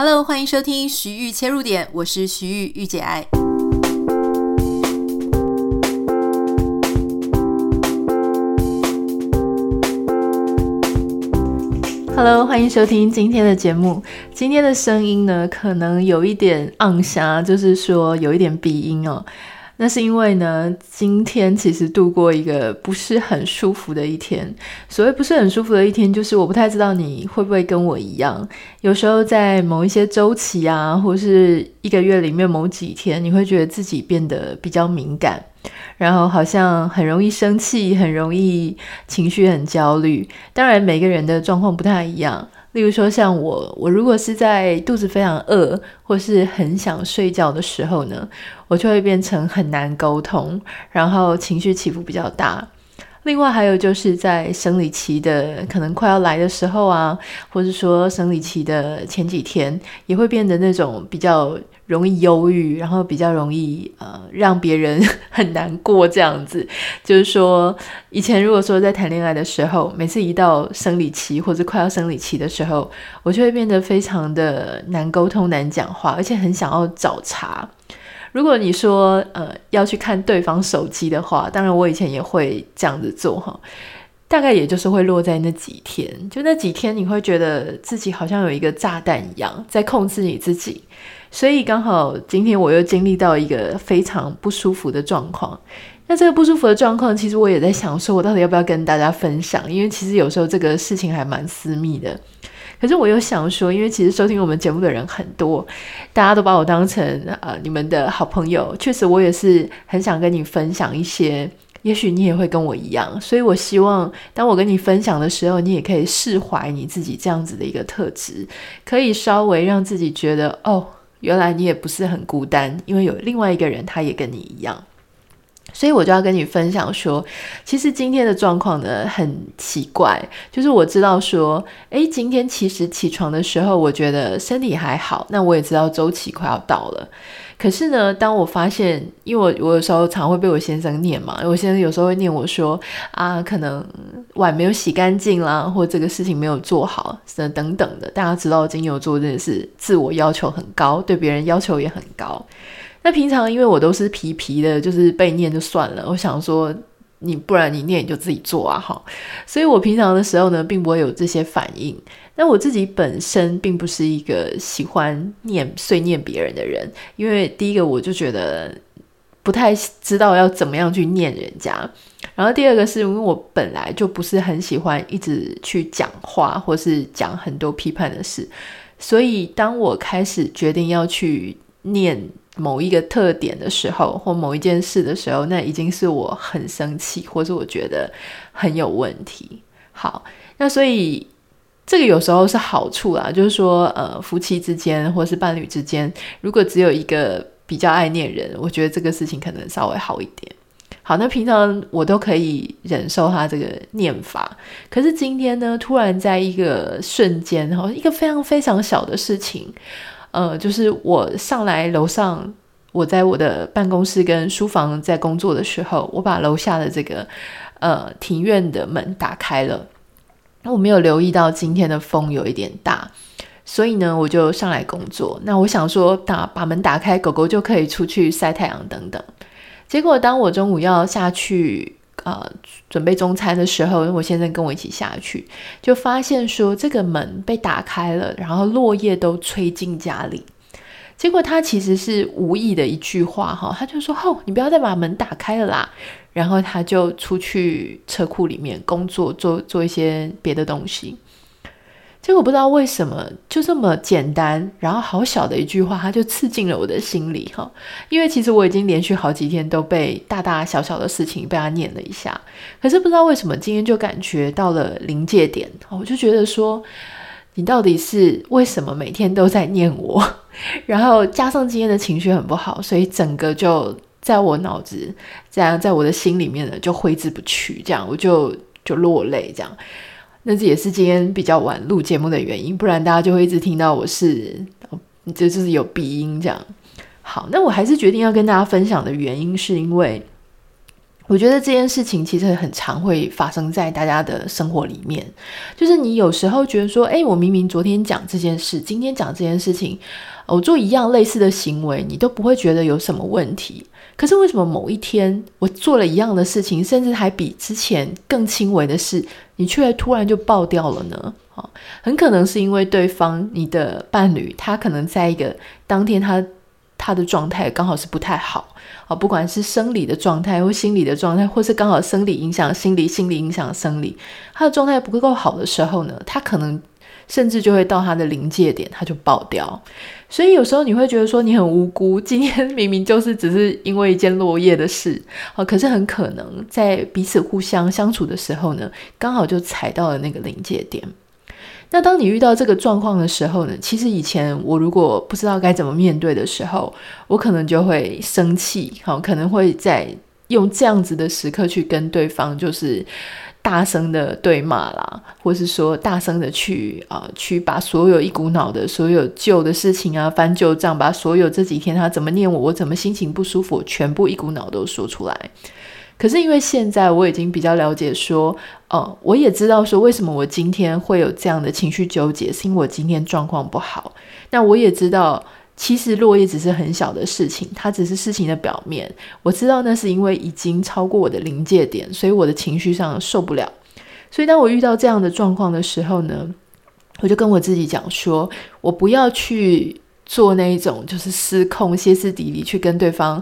Hello，歡迎收聽徐豫切入點，我是徐豫，御姐愛。Hello，歡迎收聽今天的節目。今天的聲音呢，可能有一點暗沙，就是說有一點鼻音哦。那是因為呢，今天其實度過一個不是很舒服的一天。所謂不是很舒服的一天，就是我不太知道你會不會跟我一樣，有時候在某一些周期啊，或是一個月裡面某幾天，你會覺得自己變得比較敏感，然後好像很容易生氣，很容易情緒很焦慮。當然，每個人的狀況不太一樣。例如說，像我，我如果是在肚子非常餓，或是很想睡覺的時候呢，我就會變成很難溝通，然後情緒起伏比較大。另外，還有就是在生理期的可能快要來的時候啊，或者說生理期的前幾天，也會變得那種比較，容易憂鬱，然後比較容易呃讓別人很難過，這樣子就是說，以前如果說在談戀愛的時候，每次一到生理期或者快要生理期的時候，我就會變得非常的難溝通、難講話，而且很想要找茬。如果你說呃要去看對方手機的話，當然我以前也會這樣子做哈，大概也就是會落在那幾天，就那幾天你會覺得自己好像有一個炸彈一樣在控制你自己。所以剛好今天我又經歷到一個非常不舒服的狀況，那這個不舒服的狀況，其實我也在想，說我到底要不要跟大家分享？因為其實有時候這個事情還蠻私密的。可是我又想說，因為其實收聽我們節目的人很多，大家都把我當成啊、呃、你們的好朋友。確實，我也是很想跟你分享一些，也許你也會跟我一樣。所以我希望，當我跟你分享的時候，你也可以釋懷你自己這樣子的一個特質，可以稍微讓自己覺得哦。原來你也不是很孤單，因為有另外一個人，他也跟你一樣，所以我就要跟你分享說，其實今天的狀況呢很奇怪，就是我知道說，誒，今天其實起床的時候，我覺得身體還好，那我也知道週期快要到了。可是呢，當我發現，因為我我有時候常會被我先生念嘛，我先生有時候會念我說啊，可能碗沒有洗乾淨啦，或這個事情沒有做好，等等的。大家知道我今天做的事，金牛座真的是自我要求很高，對別人要求也很高。那平常因為我都是皮皮的，就是被念就算了。我想說。你不然你念你就自己做啊。好，所以我平常的時候呢，並不會有這些反應。那我自己本身並不是一個喜歡念碎念別人的人，因為第一個我就覺得不太知道要怎麼樣去念人家，然後第二個是因為我本來就不是很喜歡一直去講話或是講很多批判的事，所以當我開始決定要去念。某一個特點的時候，或某一件事的時候，那已經是我很生氣，或是我覺得很有問題。好，那所以這個有時候是好處啦、啊，就是說，呃，夫妻之間或是伴侶之間，如果只有一個比較愛念人，我覺得這個事情可能稍微好一點。好，那平常我都可以忍受他這個念法，可是今天呢，突然在一個瞬間，然後一個非常非常小的事情。呃，就是我上來樓上，我在我的辦公室跟書房在工作的時候，我把樓下的這個呃、庭院的門打開了。那我沒有留意到今天的風有一點大，所以呢，我就上來工作。那我想說打把門打開，狗狗就可以出去曬太陽等等。結果當我中午要下去。呃，準備中餐的時候，我先生跟我一起下去，就發現說這個門被打開了，然後落葉都吹進家裡。結果他其實是無意的一句話，哈，他就說：“哦，你不要再把門打開了啦。”然後他就出去車庫裡面工作，做做一些別的東西。結果不知道為什麼就這麼簡單，然後好小的一句話，它就刺進了我的心裡哈，哦。因為其實我已經連續好幾天都被大大小小的事情被他念了一下，可是不知道為什麼今天就感覺到了臨界點，哦，我就覺得說你到底是為什麼每天都在念我？然後加上今天的情緒很不好，所以整個就在我腦子這樣，在我的心裡面呢就揮之不去，這樣我就就落淚這樣。那這也是今天比較晚錄節目的原因，不然大家就會一直聽到我是，這就，就是有鼻音這樣。好，那我還是決定要跟大家分享的原因是因為。我覺得這件事情其實很常會發生在大家的生活裡面，就是你有時候覺得說，誒，我明明昨天講這件事，今天講這件事情，我做一樣類似的行為，你都不會覺得有什麼問題。可是為什麼某一天我做了一樣的事情，甚至還比之前更輕微的事，你卻突然就爆掉了呢？啊，很可能是因為對方，你的伴侶，他可能在一個當天他。他的狀態剛好是不太好，啊，不管是生理的狀態或心理的狀態，或是剛好生理影響心理，心理影響生理，他的狀態不夠好的時候呢，他可能甚至就會到他的臨界點，他就爆掉。所以有時候你會覺得說你很無辜，今天明明就是只是因為一件落葉的事，啊，可是很可能在彼此互相相處的時候呢，剛好就踩到了那個臨界點。那當你遇到這個狀況的時候呢？其實以前我如果不知道該怎麼面對的時候，我可能就會生氣，好、哦，可能會在用這樣子的時刻去跟對方就是大聲的對罵啦，或是說大聲的去啊去把所有一股腦的所有舊的事情啊翻舊賬，把所有這幾天他怎麼念我，我怎麼心情不舒服，我全部一股腦都說出來。可是因為現在我已經比較了解，說，呃、嗯，我也知道說為什麼我今天會有這樣的情緒糾結，是因為我今天狀況不好。那我也知道，其實落葉只是很小的事情，它只是事情的表面。我知道那是因為已經超過我的臨界點，所以我的情緒上受不了。所以當我遇到這樣的狀況的時候呢，我就跟我自己講說，我不要去做那一種就是失控、歇斯底里去跟對方。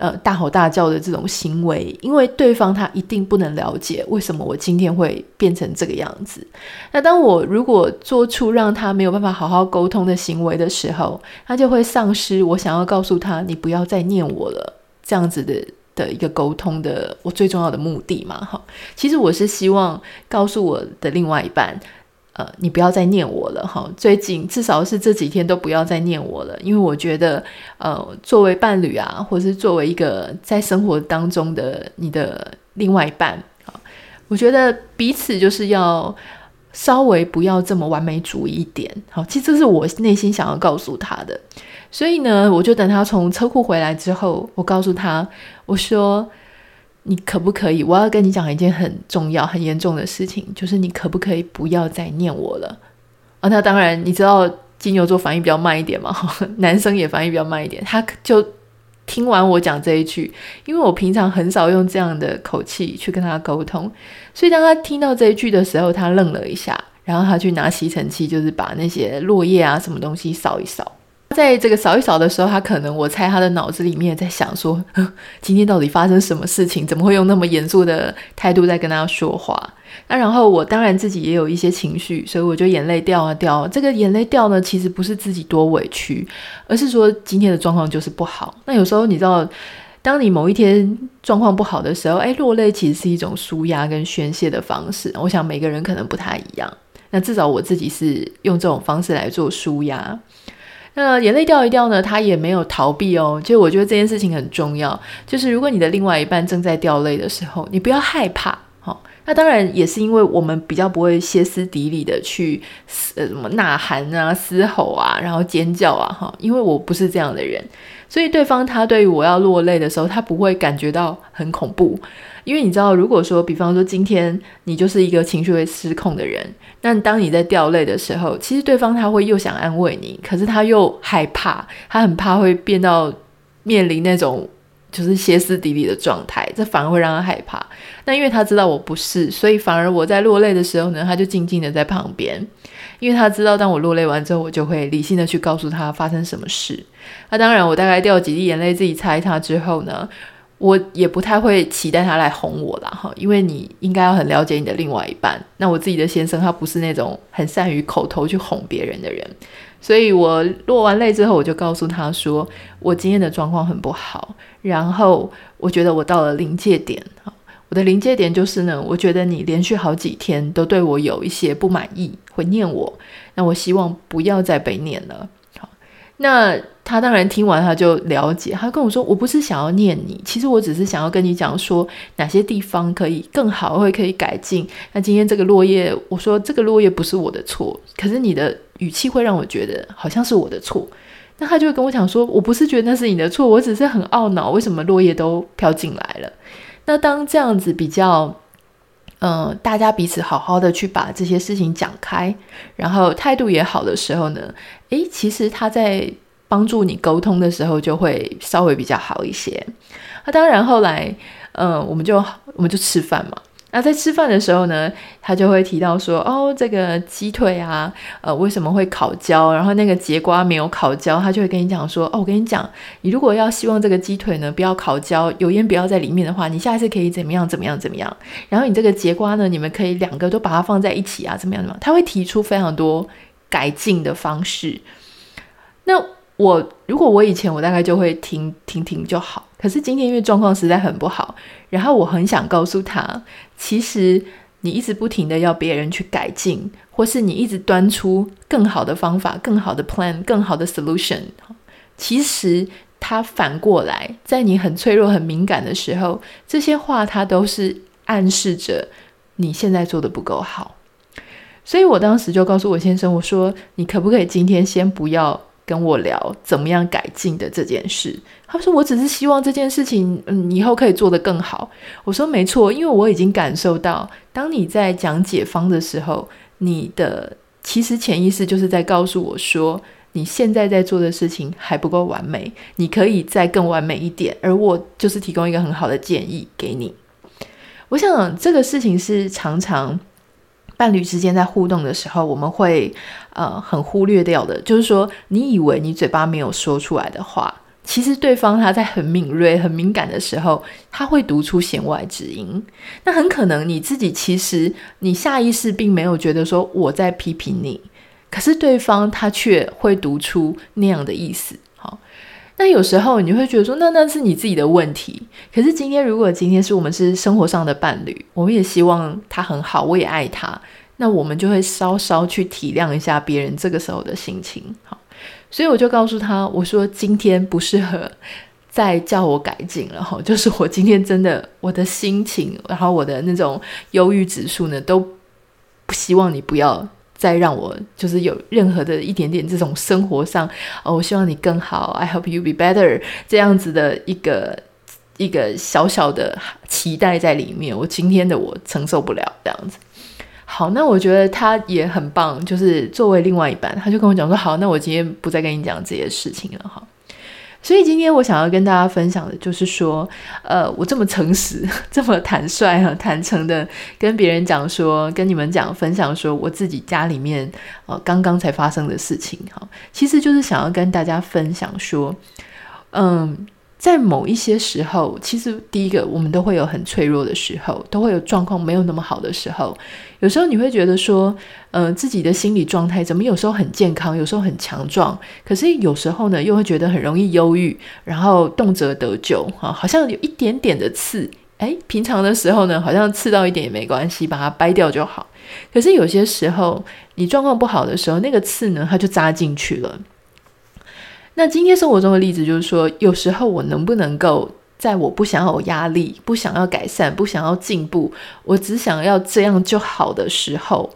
呃，大吼大叫的這種行為，因為對方他一定不能了解為什麼我今天會變成這個樣子。那當我如果做出讓他沒有辦法好好溝通的行為的時候，他就會喪失我想要告訴他“你不要再念我了”這樣子的的一個溝通的我最重要的目的嘛。哈，其實我是希望告訴我的另外一半。呃，你不要再念我了哈！最近至少是這幾天都不要再念我了，因為我覺得，呃，作為伴侶啊，或者是作為一個在生活當中的你的另外一半啊，我覺得彼此就是要稍微不要這麼完美主義一點。好，其實這是我內心想要告訴他的。所以呢，我就等他從車庫回來之後，我告訴他，我說。你可不可以？我要跟你講一件很重要、很嚴重的事情，就是你可不可以不要再念我了？啊、哦，那當然，你知道金牛座反應比較慢一點嘛，男生也反應比較慢一點，他就聽完我講這一句，因為我平常很少用這樣的口氣去跟他溝通，所以當他聽到這一句的時候，他愣了一下，然後他去拿吸塵器，就是把那些落葉啊什麼東西掃一掃。在這個掃一掃的時候，他可能我猜他的腦子裡面在想說，呵，今天到底發生什麼事情？怎麼會用那麼嚴肅的態度在跟他說話？那然後我當然自己也有一些情緒，所以我就眼淚掉啊掉。這個眼淚掉呢，其實不是自己多委屈，而是說今天的狀況就是不好。那有時候你知道，當你某一天狀況不好的時候，哎，落淚其實是一種舒壓跟宣洩的方式。我想每個人可能不太一樣，那至少我自己是用這種方式來做舒壓。那眼淚掉一掉呢，他也沒有逃避哦。其實我覺得這件事情很重要，就是如果你的另外一半正在掉淚的時候，你不要害怕，哦，那當然也是因為我們比較不會歇斯底里的去呃什麼吶喊啊、嘶吼啊、然後尖叫啊哈，因為我不是這樣的人，所以對方他對於我要落淚的時候，他不會感覺到很恐怖。因為你知道，如果說比方說今天你就是一個情緒會失控的人，那當你在掉淚的時候，其實對方他會又想安慰你，可是他又害怕，他很怕會變到面臨那種就是歇斯底里的狀態，這反而會讓他害怕。那因為他知道我不是，所以反而我在落淚的時候呢，他就靜靜的在旁邊，因為他知道當我落淚完之後，我就會理性的去告訴他發生什麼事。那當然，我大概掉幾滴眼淚自己擦一擦之後呢。我也不太會期待他來哄我啦，哈，因為你應該要很了解你的另外一半。那我自己的先生，他不是那種很善於口頭去哄別人的人，所以我落完淚之後，我就告訴他說，我今天的狀況很不好，然後我覺得我到了臨界點，哈，我的臨界點就是呢，我覺得你連續好幾天都對我有一些不滿意，會念我，那我希望不要再被念了。那他當然聽完，他就了解。他跟我說：“我不是想要念你，其實我只是想要跟你講說哪些地方可以更好，會可以改進。”那今天這個落葉，我說這個落葉不是我的錯，可是你的語氣會讓我覺得好像是我的錯。那他就跟我講說：“我不是覺得那是你的錯，我只是很懊惱為什麼落葉都飄進來了。”那當這樣子比較。嗯、呃，大家彼此好好的去把這些事情講開，然後態度也好的時候呢，誒，其實他在幫助你溝通的時候就會稍微比較好一些。那、啊、當然，後來，嗯、呃，我們就我們就吃飯嘛。那在吃飯的時候呢，他就會提到說，哦，這個雞腿啊，呃，為什麼會烤焦？然後那個節瓜沒有烤焦，他就會跟你講說，哦，我跟你講，你如果要希望這個雞腿呢不要烤焦，油煙不要在裡面的話，你下次可以怎麼樣怎麼樣怎麼樣？然後你這個節瓜呢，你們可以兩個都把它放在一起啊，怎麼樣？怎麼樣？他會提出非常多改進的方式。那我如果我以前，我大概就會聽聽聽就好。可是今天因為狀況實在很不好，然後我很想告訴他，其實你一直不停的要別人去改進，或是你一直端出更好的方法、更好的 plan、更好的 solution，其實他反過來在你很脆弱、很敏感的時候，這些話他都是暗示着你現在做的不夠好。所以我當時就告訴我先生，我說你可不可以今天先不要。跟我聊怎麼樣改進的這件事，他說：“我只是希望這件事情，嗯，以後可以做得更好。”我說：“沒錯，因為我已經感受到，當你在講解方的時候，你的其實潛意識就是在告訴我說，你現在在做的事情還不夠完美，你可以再更完美一點。”而我就是提供一個很好的建議給你。我想這個事情是常常。伴侶之間在互動的時候，我們會呃很忽略掉的，就是說，你以為你嘴巴沒有說出來的話，其實對方他在很敏銳、很敏感的時候，他會讀出弦外之音。那很可能你自己其實你下意識並沒有覺得說我在批評你，可是對方他卻會讀出那樣的意思。那有時候你會覺得說，那那是你自己的問題。可是今天，如果今天是我們是生活上的伴侶，我們也希望他很好，我也愛他，那我們就會稍稍去體諒一下別人這個時候的心情。好，所以我就告訴他，我說今天不適合再叫我改進了。哈，就是我今天真的我的心情，然後我的那種憂鬱指數呢，都不希望你不要。再讓我就是有任何的一點點這種生活上。哦，我希望你更好，I hope you'll be better，這樣子的一個一個小小的期待在裡面。我今天的我承受不了這樣子。好，那我覺得他也很棒，就是作為另外一半，他就跟我講說，好，那我今天不再跟你講這些事情了，哈。所以今天我想要跟大家分享的，就是說，呃，我這麼誠實、這麼坦率、坦誠地跟別人講說，跟你們講分享說，我自己家裡面呃剛剛才發生的事情哈，其實就是想要跟大家分享說，嗯、呃，在某一些時候，其實第一個我們都會有很脆弱的時候，都會有狀況沒有那麼好的時候。有時候你會覺得說，呃，自己的心理狀態怎麼有時候很健康，有時候很強壯，可是有時候呢，又會覺得很容易憂鬱，然後動輒得咎。哈、啊，好像有一點點的刺，哎，平常的時候呢，好像刺到一點也沒關係，把它掰掉就好。可是有些時候，你狀況不好的時候，那個刺呢，它就扎進去了。那今天生活中的例子就是說，有時候我能不能夠？在我不想要有壓力、不想要改善、不想要進步，我只想要這樣就好的時候，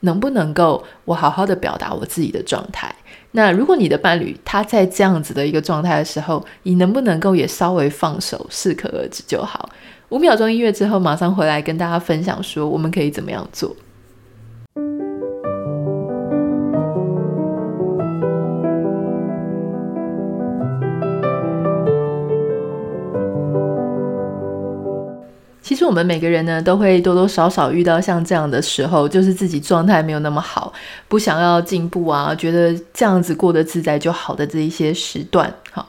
能不能夠我好好的表達我自己的狀態？那如果你的伴侶他在這樣子的一個狀態的時候，你能不能夠也稍微放手，適可而止就好？五秒鐘音樂之後，馬上回來跟大家分享說，我們可以怎麼樣做？其實我們每個人呢，都會多多少少遇到像這樣的時候，就是自己狀態沒有那麼好，不想要進步啊，覺得這樣子過得自在就好的這一些時段，哈。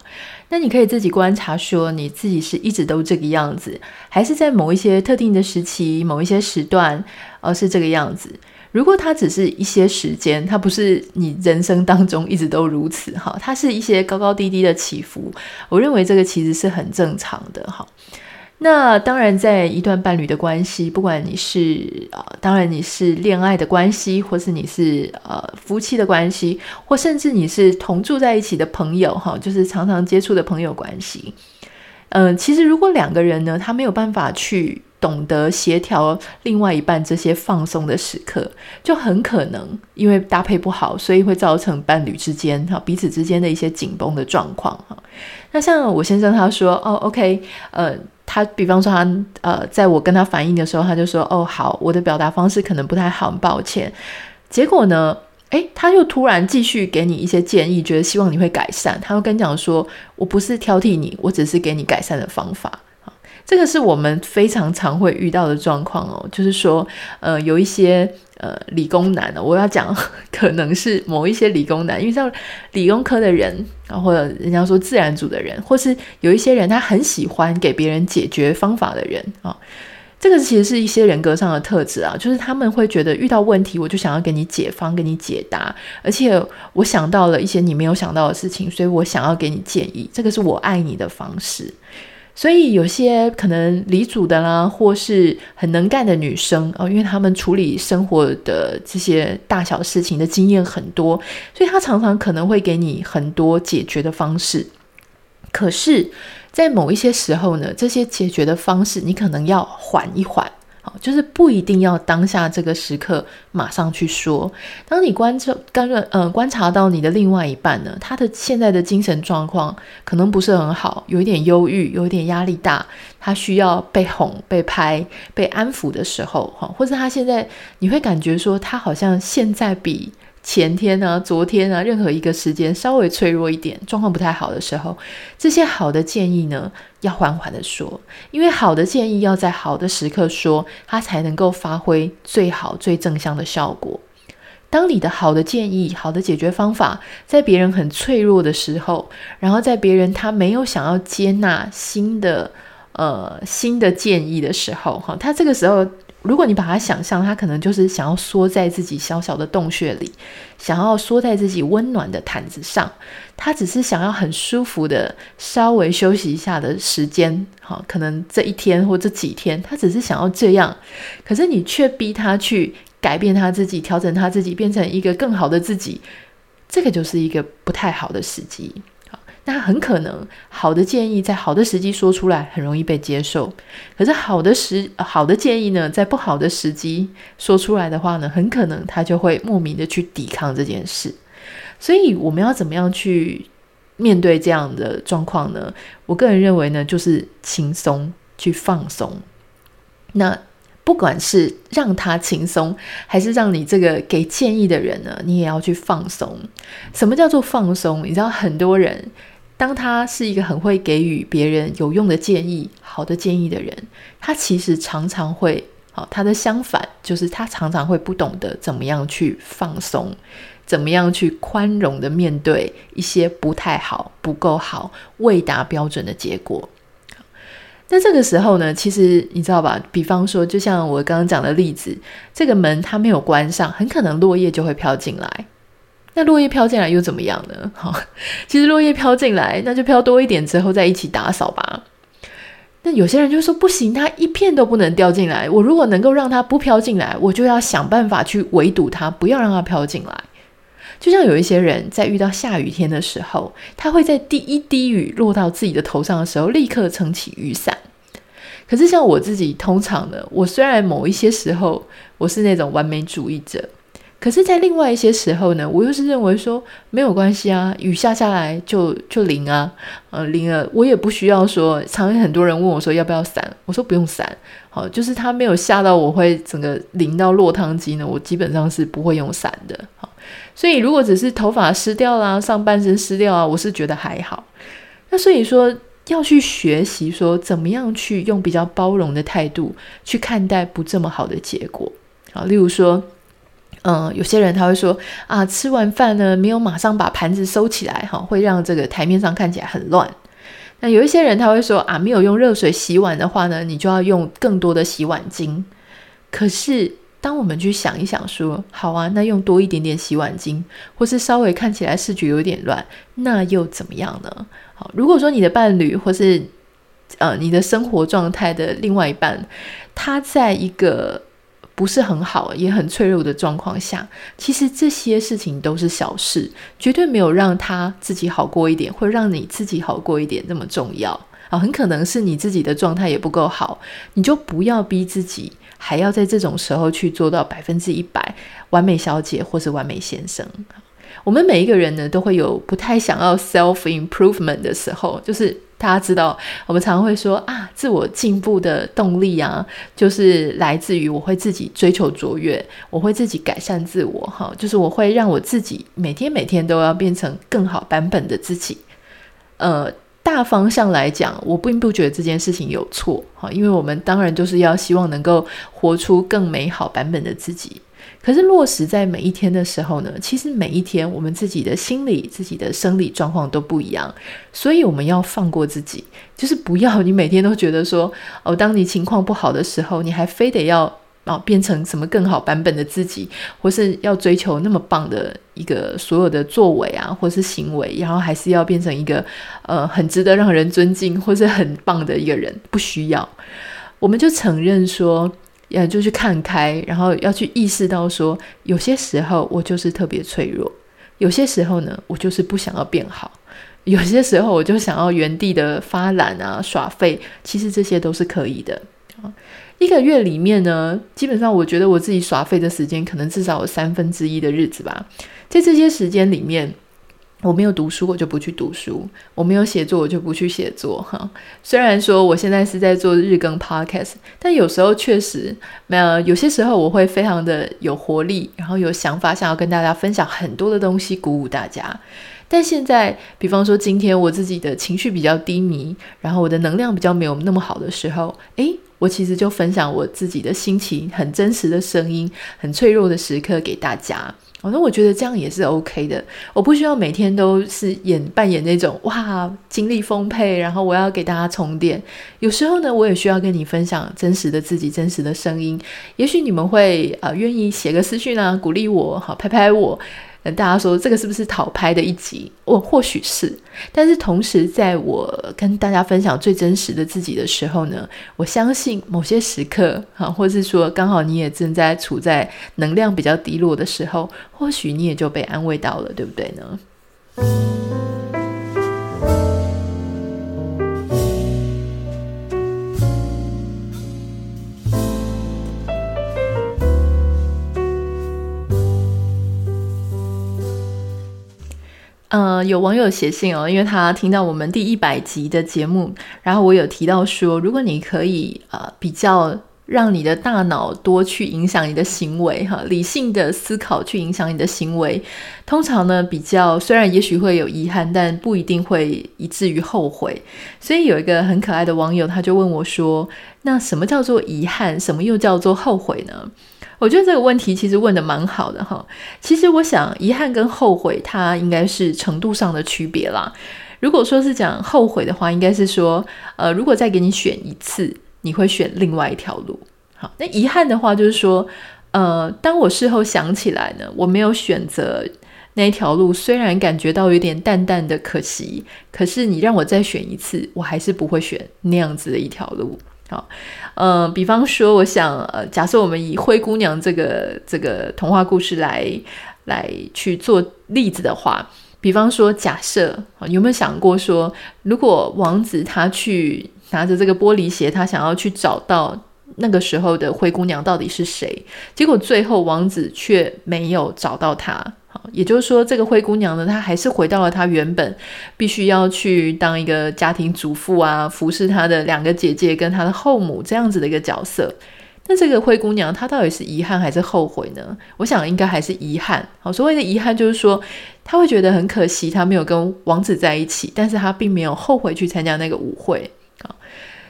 那你可以自己觀察說，說你自己是一直都這個樣子，還是在某一些特定的時期、某一些時段，而、哦、是這個樣子。如果它只是一些時間，它不是你人生當中一直都如此，哈，它是一些高高低低的起伏。我認為這個其實是很正常的，哈。那當然，在一段伴侶的關係，不管你是啊、呃，當然你是戀愛的關係，或是你是呃夫妻的關係，或甚至你是同住在一起的朋友哈、哦，就是常常接觸的朋友關係。嗯、呃，其實如果兩個人呢，他沒有辦法去。懂得協調另外一半這些放鬆的時刻，就很可能因為搭配不好，所以會造成伴侶之間哈彼此之間的一些緊繃的狀況哈。那像我先生他說哦，OK，呃，他比方說他呃，在我跟他反映的時候，他就說哦，好，我的表達方式可能不太好，很抱歉。結果呢，哎，他又突然繼續給你一些建議，覺得希望你會改善，他又跟你講說我不是挑剔你，我只是給你改善的方法。這個是我們非常常會遇到的狀況哦，就是說，呃，有一些呃理工男呢，哦，我要講，可能是某一些理工男，因為像理工科的人，啊，或者人家說自然組的人，或是有一些人，他很喜歡給別人解決方法的人啊，這個其實是一些人格上的特質啊，就是他們會覺得遇到問題，我就想要給你解方，給你解答，而且我想到了一些你沒有想到的事情，所以我想要給你建議，這個是我愛你的方式。所以有些可能理組的啦，或是很能幹的女生哦，因為他們處理生活的這些大小事情的經驗很多，所以她常常可能會給你很多解決的方式。可是，在某一些時候呢，這些解決的方式你可能要緩一緩。就是不一定要當下這個時刻馬上去說。當你觀察、干涉、嗯，觀察到你的另外一半呢，他的現在的精神狀況可能不是很好，有一點憂鬱，有一點壓力大，他需要被哄、被拍、被安撫的時候，哈，或者他現在你會感覺說他好像現在比。前天呢、啊，昨天啊，任何一個時間稍微脆弱一點、狀況不太好的時候，這些好的建議呢，要緩緩地說，因為好的建議要在好的時刻說，它才能夠發揮最好、最正向的效果。當你的好的建議、好的解決方法，在別人很脆弱的時候，然後在別人他沒有想要接納新的呃新的建議的時候，哈，他這個時候。如果你把他想象他可能就是想要縮在自己小小的洞穴裡，想要縮在自己溫暖的毯子上，他只是想要很舒服的稍微休息一下的時間，好，可能這一天或這幾天，他只是想要這樣，可是你卻逼他去改變他自己，調整他自己，變成一個更好的自己，這個就是一個不太好的時機。那很可能，好的建議在好的時機說出來，很容易被接受。可是好的時，好的建議呢，在不好的時機說出來的話呢，很可能他就會莫名的去抵抗這件事。所以我們要怎麼樣去面對這樣的狀況呢？我個人認為呢，就是輕鬆去放鬆。那不管是讓他輕鬆，還是讓你這個給建議的人呢，你也要去放鬆。什麼叫做放鬆？你知道很多人。當他是一個很會給予別人有用的建議、好的建議的人，他其實常常會，他的相反就是他常常會不懂得怎麼樣去放鬆，怎麼樣去寬容的面對一些不太好、不夠好、未達標準的結果。那這個時候呢，其實你知道吧？比方說，就像我剛剛講的例子，這個門它沒有關上，很可能落葉就會飄進來。那落葉飄進來又怎麼樣呢？好，其實落葉飄進來，那就飄多一點之後再一起打掃吧。那有些人就說不行，它一片都不能掉進來。我如果能夠讓它不飄進來，我就要想辦法去圍堵它，不要讓它飄進來。就像有一些人在遇到下雨天的時候，他會在第一滴雨落到自己的頭上的時候立刻撐起雨傘。可是像我自己，通常呢，我雖然某一些時候我是那種完美主義者。可是，在另外一些時候呢，我又是認為說沒有關係啊，雨下下來就就淋啊，呃淋了，我也不需要說。常有很多人問我說要不要傘，我說不用傘。好、哦，就是他沒有嚇到我會整個淋到落湯雞呢，我基本上是不會用傘的。好、哦，所以如果只是頭髮濕掉啦、啊、上半身濕掉啊，我是覺得還好。那所以說，要去學習說怎麼樣去用比較包容的態度去看待不這麼好的結果。好、哦，例如說。嗯，有些人他會說啊，吃完飯呢，沒有馬上把盤子收起來，哈，會讓這個檯面上看起來很亂。那有一些人他會說啊，沒有用熱水洗碗的話呢，你就要用更多的洗碗精。可是當我們去想一想說，說好啊，那用多一點點洗碗精，或是稍微看起來視覺有點亂，那又怎麼樣呢？好，如果說你的伴侶或是呃你的生活狀態的另外一半，他在一個。不是很好，也很脆弱的狀況下，其實這些事情都是小事，絕對沒有讓他自己好過一點，會讓你自己好過一點那麼重要啊！很可能是你自己的狀態也不夠好，你就不要逼自己，還要在這種時候去做到百分之一百完美小姐或是完美先生。我們每一個人呢，都會有不太想要 self improvement 的時候，就是。大家知道，我們常會說啊，自我進步的動力啊，就是來自於我會自己追求卓越，我會自己改善自我，哈,就是我會讓我自己每天每天都要變成更好版本的自己。呃，大方向來講，我並不覺得這件事情有錯，哈，因為我們當然就是要希望能夠活出更美好版本的自己。可是落實在每一天的時候呢，其實每一天我們自己的心理、自己的生理狀況都不一樣，所以我們要放過自己，就是不要你每天都覺得說哦，當你情況不好的時候，你還非得要哦變成什麼更好版本的自己，或是要追求那麼棒的一個所有的作為啊，或是行為，然後還是要變成一個呃很值得讓人尊敬或是很棒的一個人。不需要，我們就承認說，也就去看開，然後要去意識到說，有些時候我就是特別脆弱，有些時候呢，我就是不想要變好，有些時候我就想要原地的發懶啊、耍廢，其實這些都是可以的。一個月裡面呢，基本上我覺得我自己耍廢的時間可能至少有三分之一的日子吧，在這些時間裡面。我沒有讀書，我就不去讀書；我沒有寫作，我就不去寫作。哈，雖然說我現在是在做日更 podcast，但有時候確實，沒有，有些時候我會非常的有活力，然後有想法，想要跟大家分享很多的東西，鼓舞大家。但現在，比方說今天我自己的情緒比較低迷，然後我的能量比較沒有那麼好的時候，誒,我其實就分享我自己的心情，很真實的聲音，很脆弱的時刻給大家。反正我覺得這樣也是 OK 的，我不需要每天都是演扮演那種哇，精力豐沛，然後我要給大家充電。有時候呢，我也需要跟你分享真實的自己、真實的聲音。也許你們會啊、呃，願意寫個私訊啊，鼓勵我，好拍拍我。大家說這個是不是討拍的一集？哦，或許是，但是同時在我跟大家分享最真實的自己的時候呢，我相信某些時刻，哈，或是說剛好你也正在處在能量比較低落的時候，或許你也就被安慰到了，對不對呢？呃、嗯，有網友寫信哦，因為他聽到我們第一百集的節目，然後我有提到說，如果你可以，呃，比較。讓你的大腦多去影響你的行為，哈，理性的思考去影響你的行為，通常呢比較雖然也許會有遺憾，但不一定會以至於後悔。所以有一個很可愛的網友，他就問我說：“那什麼叫做遺憾？什麼又叫做後悔呢？”我覺得這個問題其實問得蠻好的，哈。其實我想，遺憾跟後悔它應該是程度上的區別啦。如果說是講後悔的話，應該是說，呃，如果再給你選一次。你會選另外一條路，好，那遺憾的話就是說，呃，當我事後想起來呢，我沒有選擇那一條路，雖然感覺到有點淡淡的可惜，可是你讓我再選一次，我還是不會選那樣子的一條路，好，呃，比方說，我想，呃，假設我們以《灰姑娘》這個這個童話故事來來去做例子的話，比方說，假設，你有沒有想過說，如果王子他去拿着這個玻璃鞋，他想要去找到那個時候的灰姑娘到底是誰。結果最後王子卻沒有找到她。好，也就是說，這個灰姑娘呢，她還是回到了她原本必須要去當一個家庭主婦啊，服侍她的兩個姐姐跟她的後母這樣子的一個角色。那這個灰姑娘她到底是遺憾還是後悔呢？我想應該還是遺憾。好，所謂的遺憾就是說，她會覺得很可惜，她沒有跟王子在一起，但是她並沒有後悔去參加那個舞會。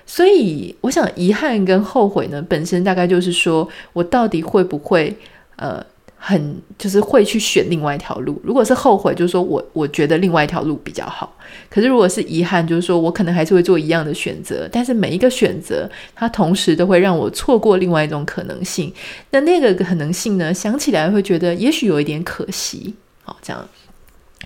所以，我想遺憾跟後悔呢，本身大概就是說我到底會不會，呃，很就是會去選另外一條路。如果是後悔，就是說我我覺得另外一條路比較好。可是如果是遺憾，就是說我可能還是會做一樣的選擇。但是每一個選擇，它同時都會讓我錯過另外一種可能性。那那個可能性呢，想起來會覺得也許有一點可惜。好，這樣。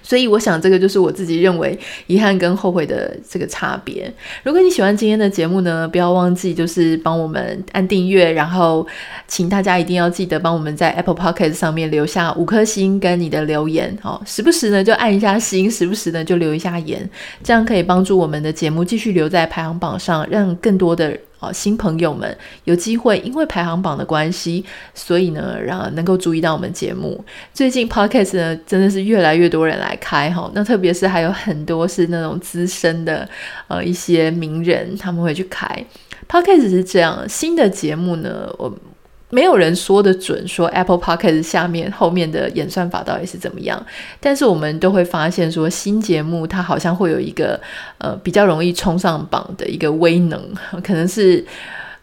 所以我想，這個就是我自己認為遺憾跟後悔的這個差別。如果你喜歡今天的節目呢，不要忘記就是幫我們按訂閱，然後請大家一定要記得幫我們在 Apple Podcast 上面，留下五顆星跟你的留言哦。時不時呢就按一下星，時不時呢就留一下言，這樣可以幫助我們的節目繼續留在排行榜上，讓更多的。新朋友們有機會，因為排行榜的關係，所以呢，讓能夠注意到我們節目。最近 Podcast 呢，真的是越來越多人來開哈，那特別是還有很多是那種資深的，呃，一些名人他們會去開 Podcast 是這樣。新的節目呢，我。沒有人說得準，說 Apple Podcast 下面後面的演算法到底是怎麼樣。但是我們都會發現，說新節目它好像會有一個呃比較容易衝上榜的一個威能，可能是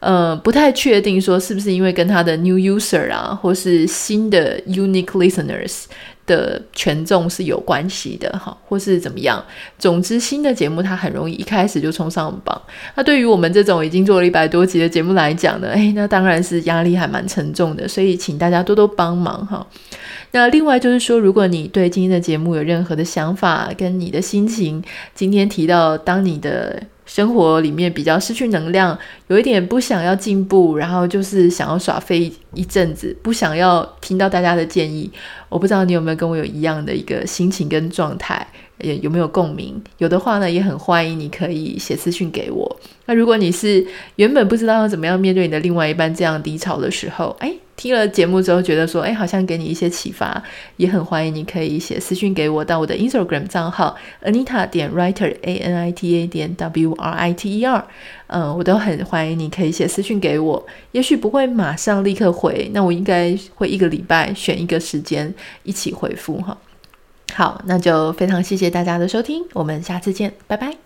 呃不太確定說是不是因為跟它的 new user 啊，或是新的 unique listeners。的權重是有關係的，哈，或是怎麼樣？總之，新的節目它很容易一開始就衝上榜。那對於我們這種已經做了一百多集的節目來講呢，誒、欸，那當然是壓力還蠻沉重的。所以，請大家多多幫忙，哈。那另外就是說，如果你對今天的節目有任何的想法，跟你的心情，今天提到，當你的生活裡面比較失去能量，有一點不想要進步，然後就是想要耍廢一陣子，不想要聽到大家的建議。我不知道你有沒有跟我有一樣的一個心情跟狀態，也有沒有共鳴？有的話呢，也很歡迎你可以寫私訊給我。那如果你是原本不知道要怎麼樣面對你的另外一半這樣低潮的時候，誒、哎、聽了節目之後覺得說，誒、哎、好像給你一些啟發，也很歡迎你可以寫私訊給我，到我的 Instagram 賬號 Anita 點 Writer Anita 點 Writer。嗯，我都很歡迎，你可以寫私訊給我，也許不會馬上立刻回，那我應該會一個禮拜選一個時間一起回復哈。好，那就非常謝謝大家的收聽，我們下次見，拜拜。